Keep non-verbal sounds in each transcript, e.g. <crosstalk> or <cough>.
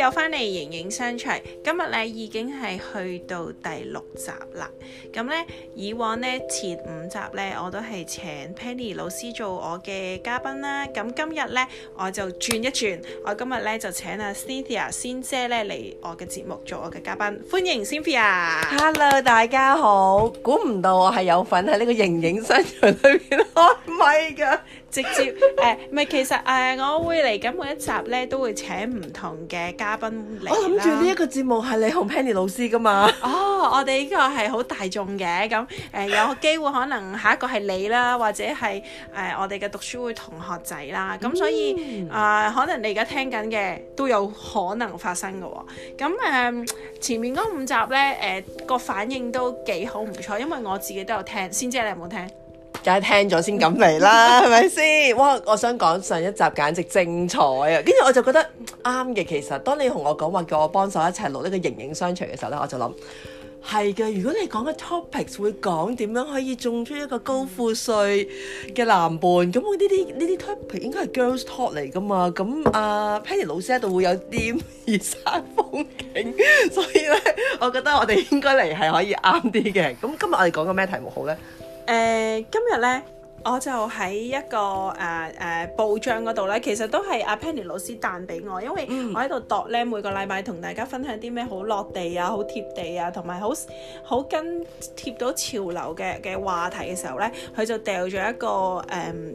又翻嚟形影相隨，今日咧已經係去到第六集啦。咁呢以往呢，前五集呢我都係請 Penny 老師做我嘅嘉賓啦。咁今日呢，我就轉一轉，我今日呢就請阿 Cynthia 仙姐呢嚟我嘅節目做我嘅嘉賓。歡迎 Cynthia。Hello，大家好。估唔到我係有份喺呢個形影相隨裏面開咪，唔係噶。 <laughs> 直接誒，唔、呃、係其實誒、呃，我會嚟緊每一集咧，都會請唔同嘅嘉賓嚟。我諗住呢一個節目係你同 Penny 老師噶嘛？ <laughs> 哦，我哋呢個係好大眾嘅，咁誒、呃、有機會可能下一個係你啦，或者係誒、呃、我哋嘅讀書會同學仔啦。咁所以啊、嗯呃，可能你而家聽緊嘅都有可能發生嘅喎、哦。咁誒、呃，前面嗰五集咧，誒、呃、個反應都幾好唔錯，嗯、因為我自己都有聽。先知你有冇聽？梗係聽咗先敢嚟啦，係咪先？哇！我想講上一集簡直精彩啊！跟住我就覺得啱嘅、嗯。其實當你同我講話叫我幫手一齊錄呢個形影相隨嘅時候咧，我就諗係嘅。如果你講嘅 topics 會講點樣可以種出一個高富帥嘅男伴，咁呢啲呢啲 topic 應該係 girls talk 嚟噶嘛？咁阿、uh, Penny 老師喺度會有啲熱山風景，所以咧，我覺得我哋應該嚟係可以啱啲嘅。咁今日我哋講個咩題目好咧？誒、uh, 今日咧，我就喺一個誒誒、uh, uh, 報章嗰度咧，其實都係阿 Penny 老師彈俾我，因為我喺度度咧每個禮拜同大家分享啲咩好落地啊、好貼地啊，同埋好好跟貼到潮流嘅嘅話題嘅時候咧，佢就掉咗一個誒。Um,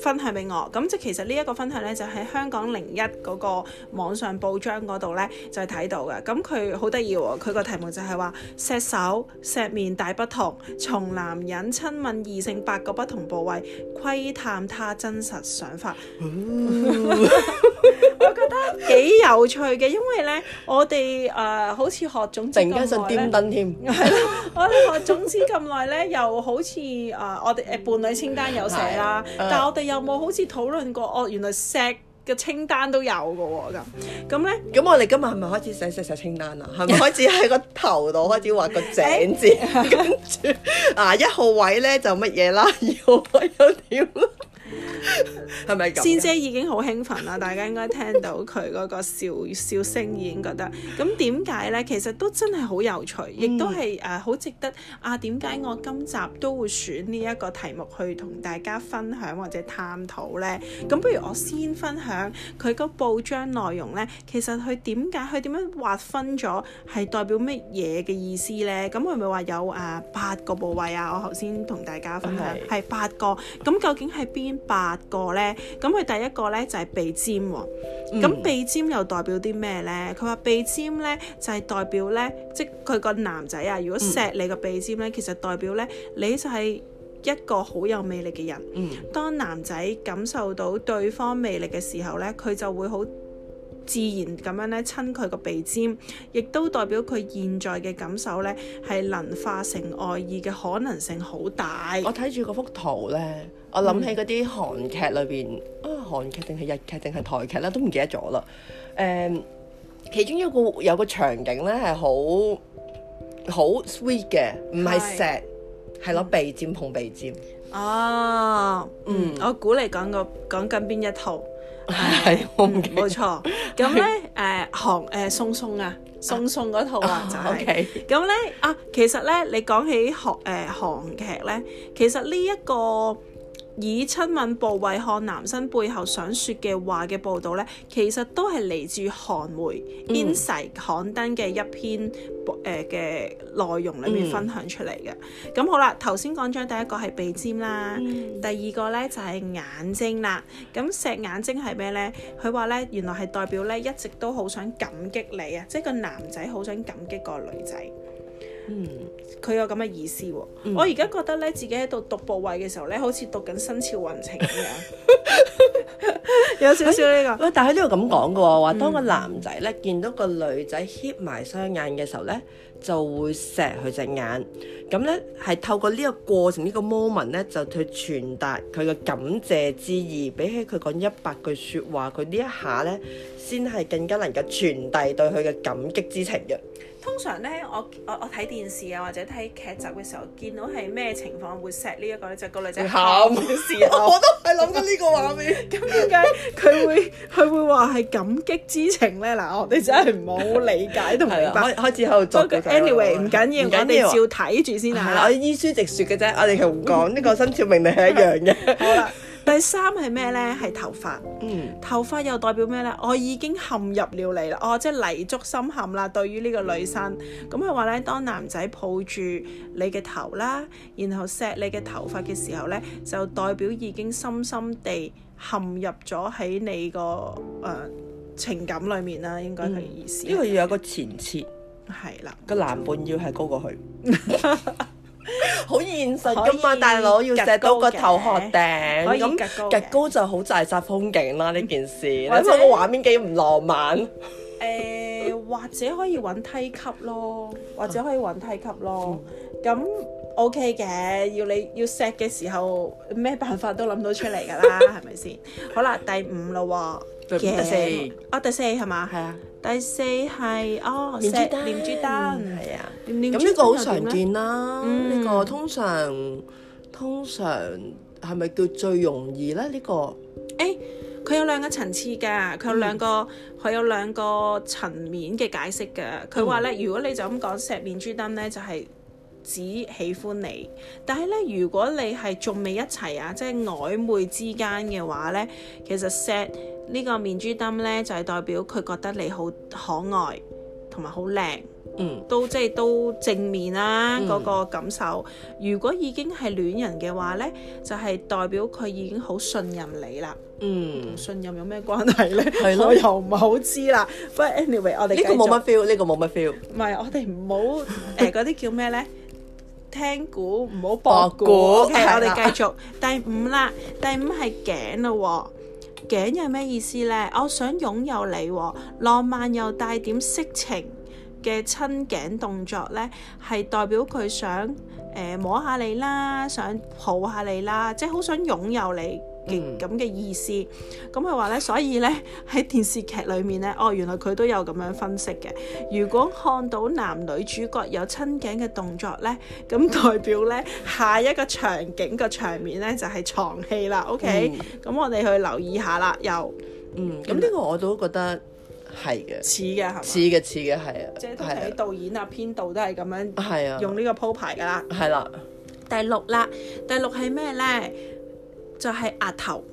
分享俾我，咁即係其實呢一個分享呢，就喺香港零一嗰個網上報章嗰度呢，就係睇到嘅。咁佢好得意喎，佢個題目就係話：石手石面大不同，從男人親吻異性八個不同部位，窺探他真實想法。哦、 <laughs> <laughs> 我覺得幾有趣嘅，因為呢，我哋誒、呃、好似學總，突然間上點燈添。係咯、 <laughs> 嗯，我哋學總師咁耐呢，又好似誒、呃、我哋誒伴侶清單有寫啦、啊，但我哋。有冇好似討論過？哦，原來石嘅清單都有㗎喎，咁咁咧，咁我哋今日係咪開始寫石寫，寫清單啊？係咪 <laughs> 開始喺個頭度開始畫個井字？跟住啊，一號位咧就乜嘢啦？ <laughs> 二號位碼又點？ <laughs> 係咪咁 <laughs> 先姐已經好興奮啦？ <laughs> 大家應該聽到佢嗰個笑笑聲已經覺得咁，點解呢？其實都真係好有趣，亦都係誒好值得啊！點解我今集都會選呢一個題目去同大家分享或者探討呢？咁不如我先分享佢個報章內容呢。其實佢點解佢點樣劃分咗係代表乜嘢嘅意思呢？咁係咪話有誒、啊、八個部位啊？我頭先同大家分享係是八個。咁究竟係邊八？八個咧，咁佢第一個咧就係鼻尖喎，咁鼻尖又代表啲咩咧？佢話鼻尖咧就係代表咧，即佢個男仔啊，如果錫你個鼻尖咧，其實代表咧，你就係一個好有魅力嘅人。當男仔感受到對方魅力嘅時候咧，佢就會好。自然咁樣咧親佢個鼻尖，亦都代表佢現在嘅感受咧係能化成愛意嘅可能性好大。我睇住嗰幅圖咧，我諗起嗰啲韓劇裏邊啊，韓劇定係日劇定係台劇咧，都唔記得咗啦。誒、嗯，其中一個有個場景咧係好好 sweet 嘅，唔係石係攞是鼻尖碰鼻尖。啊、哦，嗯，嗯，我估你講過講緊邊一套？係，我唔記得、冇、嗯、錯。咁咧，誒韓誒宋宋啊，宋宋嗰套啊，啊就係、是。咁咧啊，okay. 啊，其實咧，你講起韓誒韓劇咧，其實呢、這、一個。以親吻部位看男生背後想説嘅話嘅報導呢，其實都係嚟自韓媒 Inside 刊登嘅一篇誒嘅、呃、內容裏面分享出嚟嘅。咁、嗯、好啦，頭先講咗第一個係鼻尖啦，嗯、第二個呢就係、是、眼睛啦。咁石眼睛係咩呢？佢話呢，原來係代表呢一直都好想感激你啊，即、就、係、是、個男仔好想感激個女仔。嗯，佢有咁嘅意思喎。嗯、我而家覺得咧，自己喺度讀部位嘅時候咧，好似讀緊生肖運程咁樣，有少少呢、這個。喂、哎，但喺呢度咁講嘅喎，話當個男仔咧見到個女仔 hit 埋雙眼嘅時候咧，就會錫佢隻眼。咁咧係透過呢一個過程，這個、呢個 moment 咧就去傳達佢嘅感謝之意。比起佢講一百句説話，佢呢一下咧先係更加能夠傳遞對佢嘅感激之情嘅。通常咧，我我我睇電視啊，或者睇劇集嘅時候，見到係咩情況會錫呢一個咧，就個女仔喊嘅事啊！我都係諗緊呢個畫面，咁點解佢會佢會話係感激之情咧？嗱，我哋真係唔好理解同唔明白。開始喺度做嘅。anyway，唔緊要，我哋照睇住先嚇。我依書直説嘅啫，我哋其實唔講呢個新潮命令係一樣嘅。好啦。第三係咩呢？係頭髮，嗯、頭髮又代表咩呢？我已經陷入了你啦，哦，即係泥足深陷啦。對於呢個女生，咁佢話呢：「當男仔抱住你嘅頭啦，然後錫你嘅頭髮嘅時候呢，就代表已經深深地陷入咗喺你個誒、呃、情感裏面啦。」應該係意思。呢、嗯，這個要有一個前設，係啦的，個男伴要係高過佢。 <laughs> <laughs> 好現實噶嘛，大佬以要錫到個頭殼頂，咁夾高就好大煞風景啦！呢件事，你睇個畫面幾唔浪漫。誒、呃，或者可以揾梯級咯，或者可以揾梯級咯，咁、啊、OK 嘅。要你要錫嘅時候，咩辦法都諗到出嚟噶啦，係咪先？好啦，第五咯。第四啊、哦，第四係嘛，係啊，第四係哦，錫念珠燈，係、嗯、啊，咁呢、嗯這個好常見啦。呢個通常通常係咪叫最容易咧？呢個誒，佢有兩個層次嘅，佢有兩個佢有兩個層面嘅解釋嘅。佢話咧，如果你就咁講、嗯、錫念珠燈咧，就係、是、只喜歡你。但係咧，如果你係仲未、就是、一齊啊，即係曖昧之間嘅話咧，其實錫。呢個面珠燈呢，就係代表佢覺得你好可愛，同埋好靚，嗯，都即係都正面啦，嗰個感受。如果已經係戀人嘅話呢，就係代表佢已經好信任你啦。嗯，信任有咩關係呢？係咯，我又唔係好知啦。不過 anyway，我哋呢個冇乜 feel，呢個冇乜 feel。唔係，我哋唔好誒嗰啲叫咩呢？聽古唔好博古。O K，我哋繼續第五啦。第五係頸咯。頸有咩意思呢？我、哦、想擁有你、哦，浪漫又帶點色情嘅親頸動作呢，係代表佢想、呃、摸下你啦，想抱下你啦，即係好想擁有你。咁嘅意思，咁佢話咧，所以咧喺電視劇裏面咧，哦，原來佢都有咁樣分析嘅。如果看到男女主角有親頸嘅動作咧，咁代表咧下一個場景嘅場面咧就係床戲啦。OK，咁我哋去留意下啦。又，嗯，咁呢個我都覺得係嘅，似嘅係，似嘅似嘅係啊，即係睇導演啊、編導都係咁樣，係啊，用呢個鋪排噶啦，係啦。第六啦，第六係咩咧？就係額頭，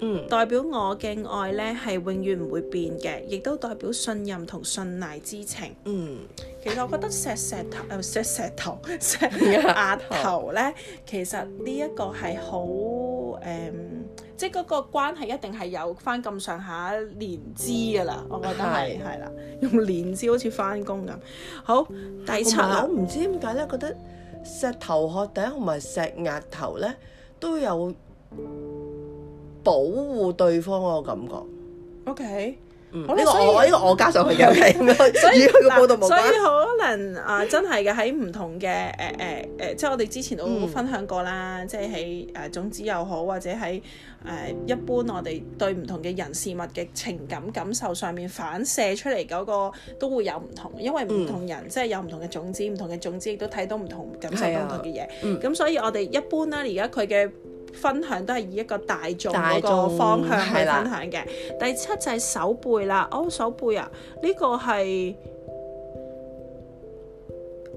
嗯，代表我嘅愛咧，係永遠唔會變嘅，亦都代表信任同信賴之情，嗯。其實我覺得石石頭，唔、嗯、石石頭，石額頭咧， <laughs> 頭其實呢一個係好誒，即係嗰個關係一定係有返咁上下年資噶啦。嗯、我覺得係係啦，用年資好似返工咁。好，第七，我唔知點解咧，覺得石頭殼頂同埋石額頭咧都有。保護對方嗰個感覺，OK，呢個我呢個我加上去嘅，OK，唔該，與佢個報道冇關。所以可能啊，真係嘅喺唔同嘅誒誒即係我哋之前都分享過啦，即係喺誒種子又好，或者喺誒一般我哋對唔同嘅人事物嘅情感感受上面反射出嚟嗰個，都會有唔同，因為唔同人即係有唔同嘅種子，唔同嘅種子亦都睇到唔同感受，唔同嘅嘢。咁所以我哋一般啦，而家佢嘅。分享都係以一個大眾嘅方向去分享嘅。的第七就係手背啦，哦手背啊，呢、這個係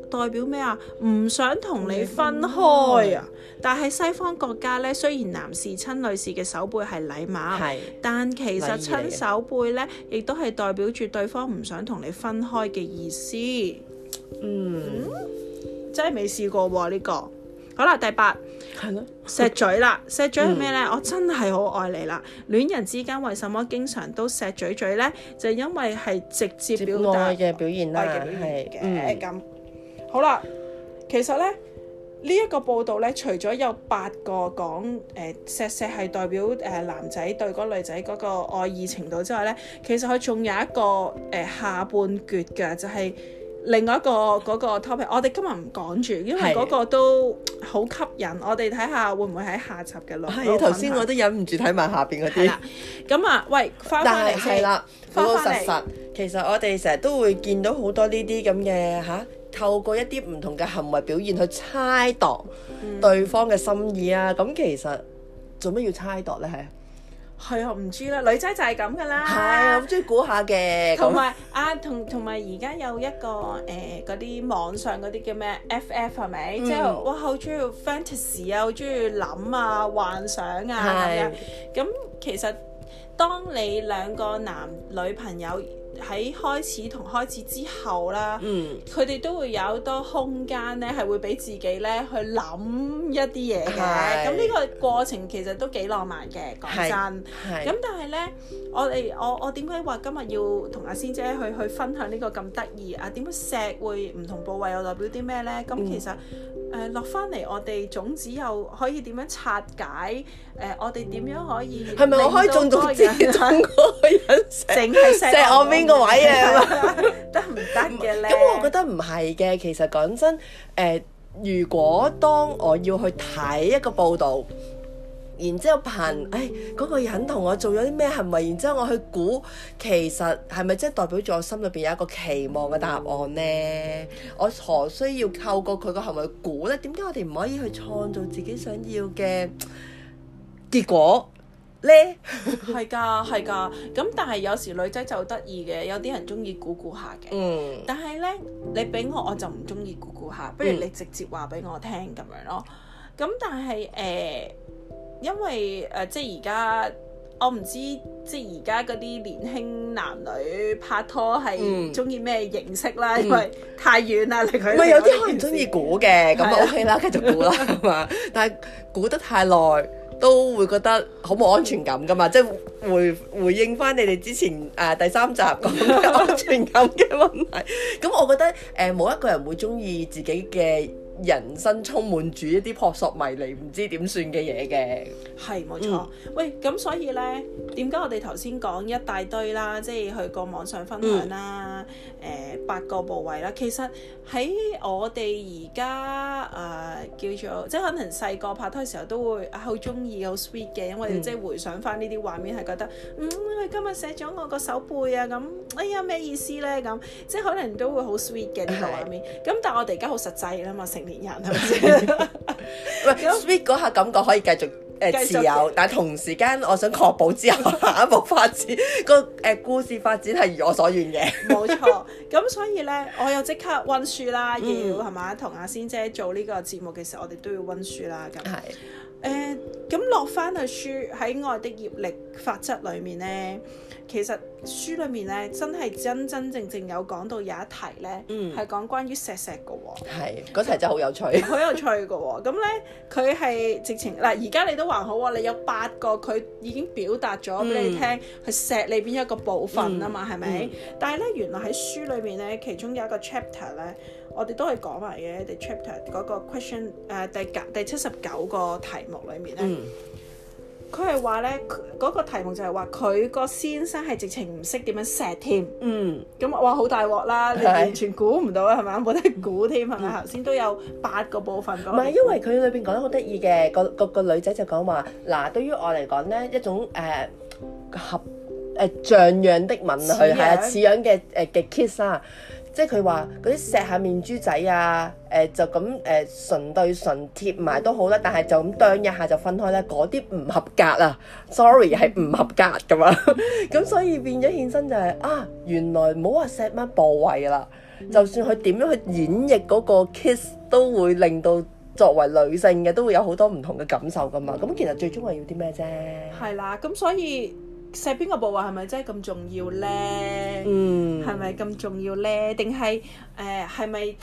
代表咩啊？唔想同你分開啊！嗯、但係西方國家呢，雖然男士親女士嘅手背係禮貌，是但其實親手背呢，亦都係代表住對方唔想同你分開嘅意思。嗯，嗯，真係未試過呢、啊這個。好啦，第八。係咯，錫嘴啦，錫嘴係咩咧？嗯、我真係好愛你啦！戀人之間為什麼經常都錫嘴嘴咧？就因為係直接表達接愛嘅表現啦，係嘅咁。好啦，其實咧呢一，這個報道咧，除咗有八個講誒錫錫係代表誒，呃、男仔對嗰女仔嗰個愛意程度之外咧，其實佢仲有一個誒，呃、下半撅嘅就係、是。另外一個嗰個 topic，我哋今日唔講住，因為嗰個都好吸引。我哋睇下會唔會喺下集嘅錄。係，頭先我都忍唔住睇埋下邊嗰啲。咁啊，喂，翻返嚟。係啦，翻返嚟。其實我哋成日都會見到好多呢啲咁嘅嚇，透過一啲唔同嘅行為表現去猜度對方嘅心意啊。咁、嗯、其實做咩要猜度咧？係。係啊，唔知啦，女仔就係咁噶啦。係啊，我好中意估下嘅。同埋啊，同同埋而家有一個誒嗰啲網上嗰啲叫咩？FF 係咪？F f, 是是嗯、即係我好中意 fantasy 啊，好中意諗啊，幻想啊，係啊，咁的的其實當你兩個男女朋友，喺開始同開始之後啦，佢哋、嗯、都會有好多空間咧，係會俾自己咧去諗一啲嘢嘅。咁呢是個過程其實都幾浪漫嘅，講真。咁但係咧，我哋我我點解話今日要同阿仙姐去去分享呢個咁得意啊？點樣錫會唔同部位又代表啲咩咧？咁其實。嗯誒落翻嚟，我哋種子又可以點樣拆解？誒、呃，我哋點樣可以咪、啊、我可以種種人種種人淨係食我邊個位啊？ <laughs> <laughs> <laughs> 得唔得嘅咧？咁、 <laughs> 嗯嗯、我覺得唔係嘅，其實講真，誒、呃，如果當我要去睇一個報導。然之後憑，誒、哎、嗰、那個人同我做咗啲咩係咪？然之後我去估，其實係咪即係代表咗我心裏邊有一個期望嘅答案呢？我何需要透過佢個行為估呢？點解我哋唔可以去創造自己想要嘅結果呢？係㗎，係㗎。咁但係有時女仔就得意嘅，有啲人中意估估下嘅。嗯。但係呢，你俾我我就唔中意估估下，不如你直接話俾我聽咁、嗯、樣咯。咁但係誒。呃因為誒，即係而家我唔知，即係而家嗰啲年輕男女拍拖係中意咩形式啦，因為太遠啦，離佢唔係有啲可能中意估嘅，咁就 OK 啦，繼續估啦，係嘛？但係估得太耐都會覺得好冇安全感㗎嘛，即係回回應返你哋之前誒第三集講安全感嘅問題。咁我覺得誒冇一個人會中意自己嘅。人生充滿住一啲撲朔迷離，唔知點算嘅嘢嘅。係冇錯，嗯、喂咁所以呢，點解我哋頭先講一大堆啦，即係去個網上分享啦，誒、嗯呃、八個部位啦，其實喺我哋而家啊叫做，即係可能細個拍拖嘅時候都會好中意好 sweet 嘅，因為即係回想翻呢啲畫面係覺得，嗯，嗯今日寫咗我個手背啊，咁哎呀咩意思呢？咁，即係可能都會好 sweet 嘅呢個畫面。咁、嗯、是但係我哋而家好實際啦嘛，戀人係咪先？唔 sweet 嗰下感覺可以繼續誒、呃、續持有，但係同時間我想確保之後下一步發展個誒 <laughs> 故事發展係如我所願嘅錯。冇錯，咁所以咧，我又即刻溫書啦，嗯、要係嘛同阿仙姐做呢個節目嘅時候，我哋都要溫書啦。咁係。誒咁落翻去書喺《愛的業力法則》裏面呢，其實書裏面呢，真係真真正正有講到有一題呢，係、嗯、講關於錫錫嘅喎。係嗰題真係好有趣就，好 <laughs> 有趣嘅喎。咁呢，佢係直情嗱，而家你都還好喎，你有八個佢已經表達咗俾你聽，去錫、嗯、你邊一個部分啊嘛，係咪？但係呢，原來喺書裏面呢，其中有一個 chapter 呢。我哋都係講埋嘅，第 chapter 嗰個 question，誒第第七十九個題目裏面咧，佢係話咧，嗰個題目就係話佢個先生係直情唔識點樣錫添，嗯，咁哇好大鑊啦，你完全估唔到係咪，冇得估添係咪？頭先都有八個部分咁。唔係，因為佢裏邊講得好得意嘅，嗰個、嗰個女仔就講話嗱，對於我嚟講咧一種誒、呃、合誒、呃、像樣的吻去，係啊似樣嘅誒嘅 kiss 啊。即係佢話嗰啲錫下面珠仔啊，誒、呃、就咁誒唇對唇貼埋都好啦，但係就咁啄一下就分開啦。嗰啲唔合格啊，sorry 係唔合格噶嘛，咁 <laughs> 所以變咗獻身就係、是、啊，原來唔好話錫乜部位啦，Yeah. 就算佢點樣去演繹嗰個 kiss，都會令到作為女性嘅都會有好多唔同嘅感受噶嘛，咁其實最終係要啲咩啫？係啦，咁所以。錫邊個部位係咪真係咁重要咧？嗯，係咪咁重要咧？定係誒係咪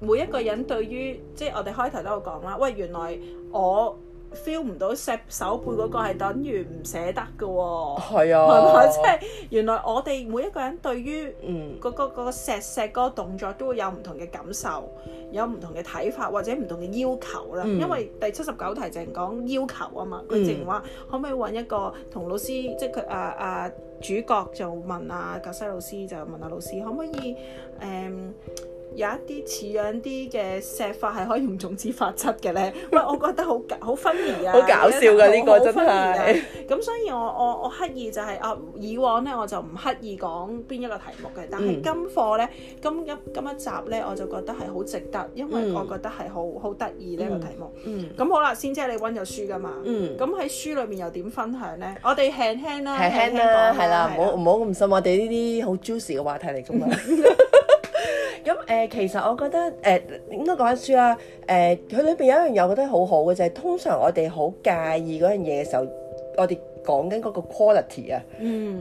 每一個人對於即係、就是、我哋開頭都有講啦？喂，原來我。feel 唔到錫手背嗰個係等於唔捨得嘅喎，係啊，係嘛？即係原來我哋每一個人對於、那個、嗯嗰個嗰個錫錫嗰個動作都會有唔同嘅感受，有唔同嘅睇法或者唔同嘅要求啦。嗯、因為第七十九題淨係講要求啊嘛，佢淨話可唔可以揾一個同老師，即係佢啊啊主角就問啊，格西老師就問啊老師可唔可以誒？嗯有一啲似樣啲嘅石法係可以用種子法則嘅咧，喂，我覺得好好分離啊！好 <laughs> 搞笑㗎呢 <laughs> 很、呢個真係。咁所以我我我刻意就係、是、啊，以往咧我就唔刻意講邊一個題目嘅，但係今課咧今一今一集咧我就覺得係好值得，因為我覺得係好好得意呢一個題目。咁好啦，先即係你温咗書㗎嘛？咁喺書裏面又點分享咧？我哋輕輕啦，輕輕啦，係啦，唔好唔好咁深，我哋呢啲好 juicy 嘅話題嚟㗎嘛。咁誒、呃、其實我覺得誒、呃、應該講翻書啦。誒、呃、佢裏邊有一樣嘢我覺得好好嘅就係、是、通常我哋好介意樣嘢嘅時候，我哋講緊個 quality 啊。嗯，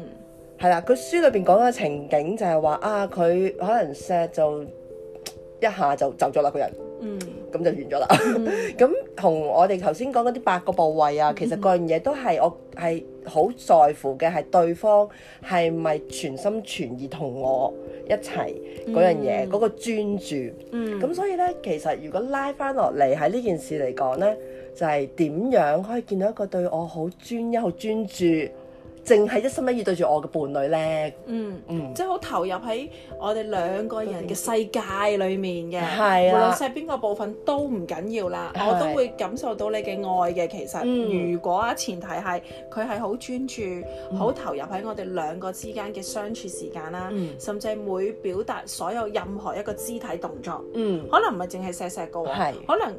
係啦，佢書裏邊講嘅情景就係話啊，佢可能錫就一下就，就走咗啦，個人。嗯。咁就完咗啦。咁同我哋頭先講嗰啲八個部位啊，其實嗰樣嘢都係我係好在乎嘅，係對方係咪全心全意同我一齊嗰、嗯、樣嘢，嗰、嗰個專注。咁、嗯、所以呢，其實如果拉翻落嚟喺呢件事嚟講呢，就係、係、點樣可以見到一個對我好專一、好專注。淨係一心一意對住我嘅伴侶咧，嗯嗯，嗯即係好投入喺我哋兩個人嘅世界裡面嘅，啊、無論錫邊個部分都唔緊要啦，是我都會感受到你嘅愛嘅。其實，嗯、如果前提係佢係好專注、好、嗯、投入喺我哋兩個之間嘅相處時間啦，嗯、甚至每表達所有任何一個肢體動作，嗯，可能唔係淨係錫錫個，可能。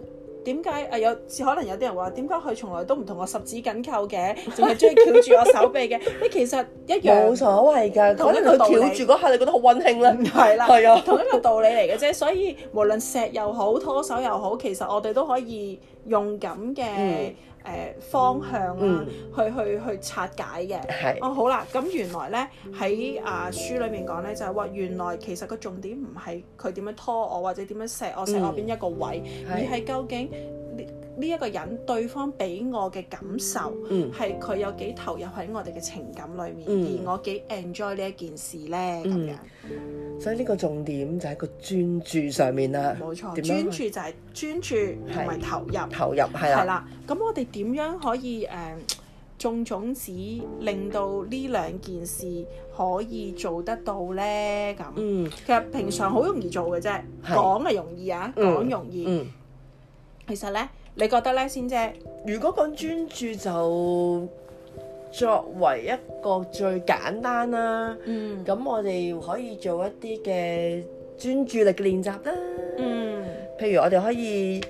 點解啊？有可能有啲人話點解佢從來都唔同我十指緊扣嘅，仲係中意翹住我手臂嘅？你 <laughs> 其實一樣冇所謂㗎，可能佢翹住嗰下，你覺得好温馨啦，係啦，係啊，同一個道理嚟嘅啫。所以無論錫又好，拖手又好，其實我哋都可以用咁嘅。嗯誒、呃、方向啊，嗯、去去去拆解嘅。是哦，好啦，咁、嗯、原來呢，喺啊書裏面講呢，就係話，原來其實個重點唔係佢點樣拖我或者點樣錫我錫、嗯、我邊一個位，是而係究竟。呢一個人，對方俾我嘅感受，係佢有幾投入喺我哋嘅情感裏面，而我幾 enjoy 呢一件事呢。咁，所以呢個重點就係個專注上面啦。冇錯，專注就係專注同埋投入。投入係啦。咁我哋點樣可以誒種種子，令到呢兩件事可以做得到呢？咁，其實平常好容易做嘅啫，講係容易啊，講容易。其實咧，你覺得咧，仙姐，如果講專注就作為一個最簡單啦，嗯，咁我哋可以做一啲嘅專注力嘅練習啦，嗯，譬如我哋可以，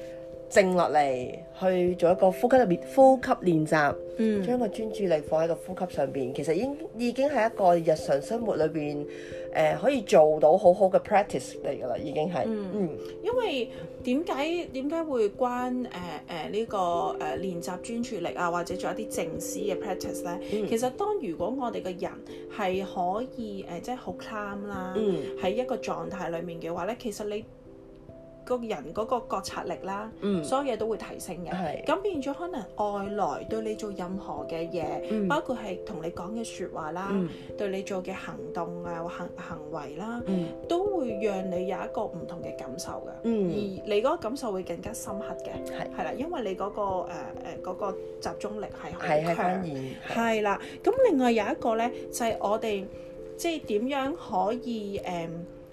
靜落嚟去做一個呼吸入面呼吸練習，將個、嗯、專注力放喺個呼吸上邊，其實應已經係一個日常生活裏邊誒可以做到好好嘅 practice 嚟㗎啦，已經係。嗯、嗯因為點解點解會關誒誒呢個誒練、呃、習專注力啊，或者做一啲靜思嘅 practice 咧？嗯、其實當如果我哋嘅人係可以誒即係好 calm 啦，喺、嗯、一個狀態裏面嘅話咧，其實你，個人嗰個覺察力啦，所有嘢都會提升嘅。咁對變咗可能外來對你做任何嘅嘢，嗯、包括係同你講嘅説話啦，嗯、對你做嘅行動啊行行為啦，嗯、都會讓你有一個唔同嘅感受嘅。嗯、而你嗰個感受會更加深刻嘅。係啦對，因為你嗰、嗰個誒誒、呃嗰個、集中力係好強然。係啦，咁另外有一個咧、呃，就係我哋即係點樣可以誒？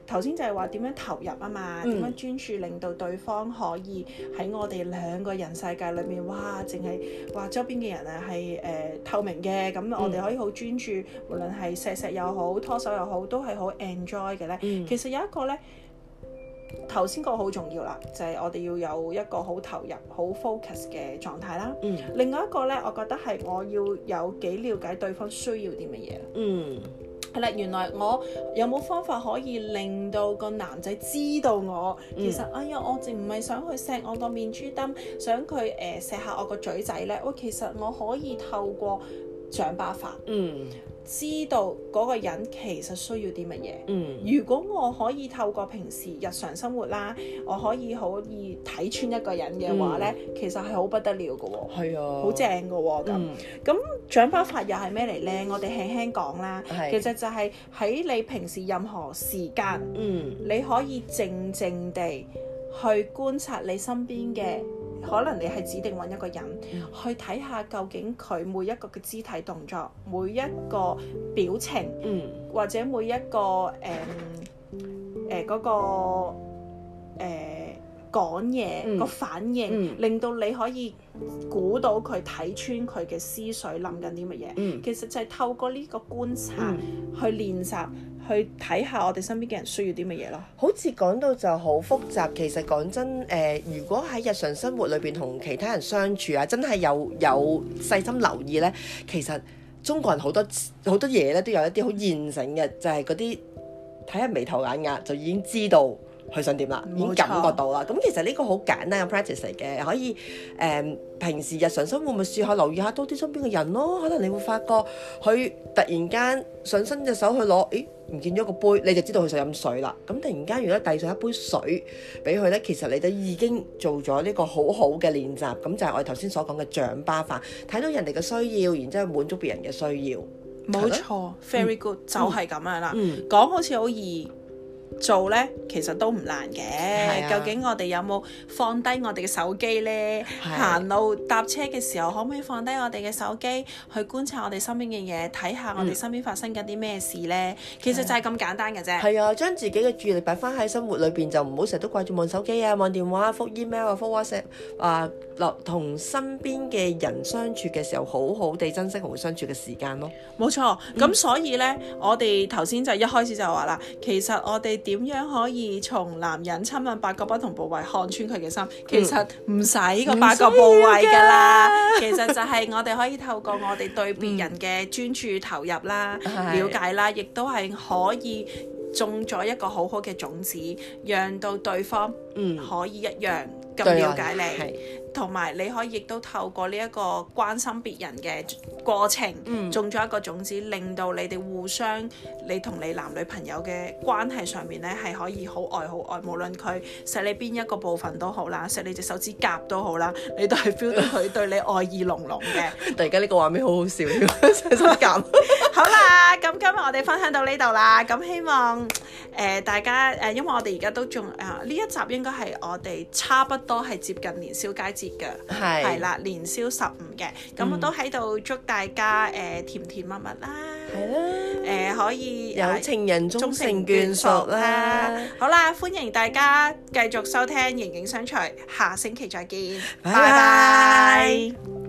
頭先就係話點樣投入啊嘛，點、嗯、樣專注令到對方可以喺我哋兩個人世界裏面，哇，淨係話周邊嘅人啊係誒透明嘅，咁我哋可以好專注，嗯、無論係錫錫又好，拖手又好，都係好 enjoy 嘅咧。嗯、其實有一個咧，頭先個好重要啦，就係、是、我哋要有一個好投入、好 focus 嘅狀態啦。嗯、另外一個咧，我覺得係我要有幾了解對方需要啲乜嘢。嗯。係啦，原來我有冇方法可以令到個男仔知道我？其實，嗯、哎呀，我淨唔係想去錫我個面珠燈，想佢誒錫下我個嘴仔咧。我、哎、其實我可以透過。掌把法，嗯，知道嗰個人其實需要啲乜嘢，嗯，如果我可以透過平時日常生活啦，我可以可以睇穿一個人嘅話咧，嗯、其實係好不得了嘅喎，係啊、嗯，好正嘅喎，咁，咁掌把法又係咩嚟咧？我哋輕輕講啦，嗯、其實就係喺你平時任何時間，嗯，你可以靜靜地去觀察你身邊嘅。可能你係指定揾一個人去睇下究竟佢每一個嘅肢體動作、每一個表情，嗯、或者每一個誒誒嗰個誒講嘢個反應，嗯、令到你可以估到佢睇穿佢嘅思緒，諗緊啲乜嘢。嗯、其實就係透過呢個觀察、嗯、去練習。去睇下我哋身邊嘅人需要啲乜嘢咯，好似講到就好複雜。其實講真，誒，如果喺日常生活裏邊同其他人相處啊，真係有有細心留意呢。其實中國人好多好多嘢咧，都有一啲好現成嘅，就係嗰啲睇下眉頭眼額就已經知道。佢想點啦？已經感覺到啦。咁錯其實呢個好簡單嘅 practice 嚟嘅，可以誒、呃、平時日常生活咪試下留意下多啲身邊嘅人咯。可能你會發覺佢突然間想伸隻手去攞，咦，唔見咗個杯，你就知道佢想飲水啦。咁突然間如果遞上一杯水俾佢咧，其實你就已經做咗呢個好好嘅練習。咁就係我哋頭先所講嘅掌巴法，睇到人哋嘅需要，然之後滿足別人嘅需要。冇錯吧，very good、嗯、就係咁樣啦。嗯嗯、講好似好易。做呢，其實都唔難嘅。啊、究竟我哋有冇放低我哋嘅手機呢？行、啊、路搭車嘅時候，可唔可以放低我哋嘅手機去觀察我哋身邊嘅嘢，睇下我哋身邊發生緊啲咩事呢？啊、其實就係咁簡單嘅啫。係啊，將自己嘅注意力擺翻喺生活裏邊，就唔好成日都掛住望手機啊、望電話、覆 email 啊、覆 WhatsApp 啊，落同身邊嘅人相處嘅時候，好好地珍惜好相處嘅時間咯。冇錯，咁、嗯嗯、所以呢，我哋頭先就一開始就話啦，其實我哋。點樣可以從男人親吻八個不同部位看穿佢嘅心？嗯、其實唔使個八個部位噶啦， <laughs> 其實就係我哋可以透過我哋對別人嘅專注投入啦、嗯、了解啦，的亦都係可以種咗一個好好嘅種子，嗯、讓到對方嗯可以一樣咁、嗯、了解你。同埋你可以亦都透過呢一個關心別人嘅過程，嗯、種咗一個種子，令到你哋互相，你同你男女朋友嘅關係上面咧係可以好愛好愛，無論佢錫你邊一個部分都好啦，錫你隻手指甲都好啦，你都係 feel 到佢對你愛意濃濃嘅。 <laughs> 突然間呢個畫面好好笑，手指甲。 <noise> 好啦，咁、嗯、今日我哋分享到呢度啦，咁、嗯、希望誒、呃、大家誒，因為我哋而家都仲誒呢一集應該係我哋差唔多係接近年宵佳節嘅，係啦是，年宵十五嘅，咁我、嗯嗯、都喺度祝大家誒、呃、甜甜蜜蜜啦，係啦、啊，誒、呃、可以有情人終成眷屬啦、啊嗯嗯嗯，好啦，歡迎大家繼續收聽形影相隨，下星期再見，拜拜。拜拜。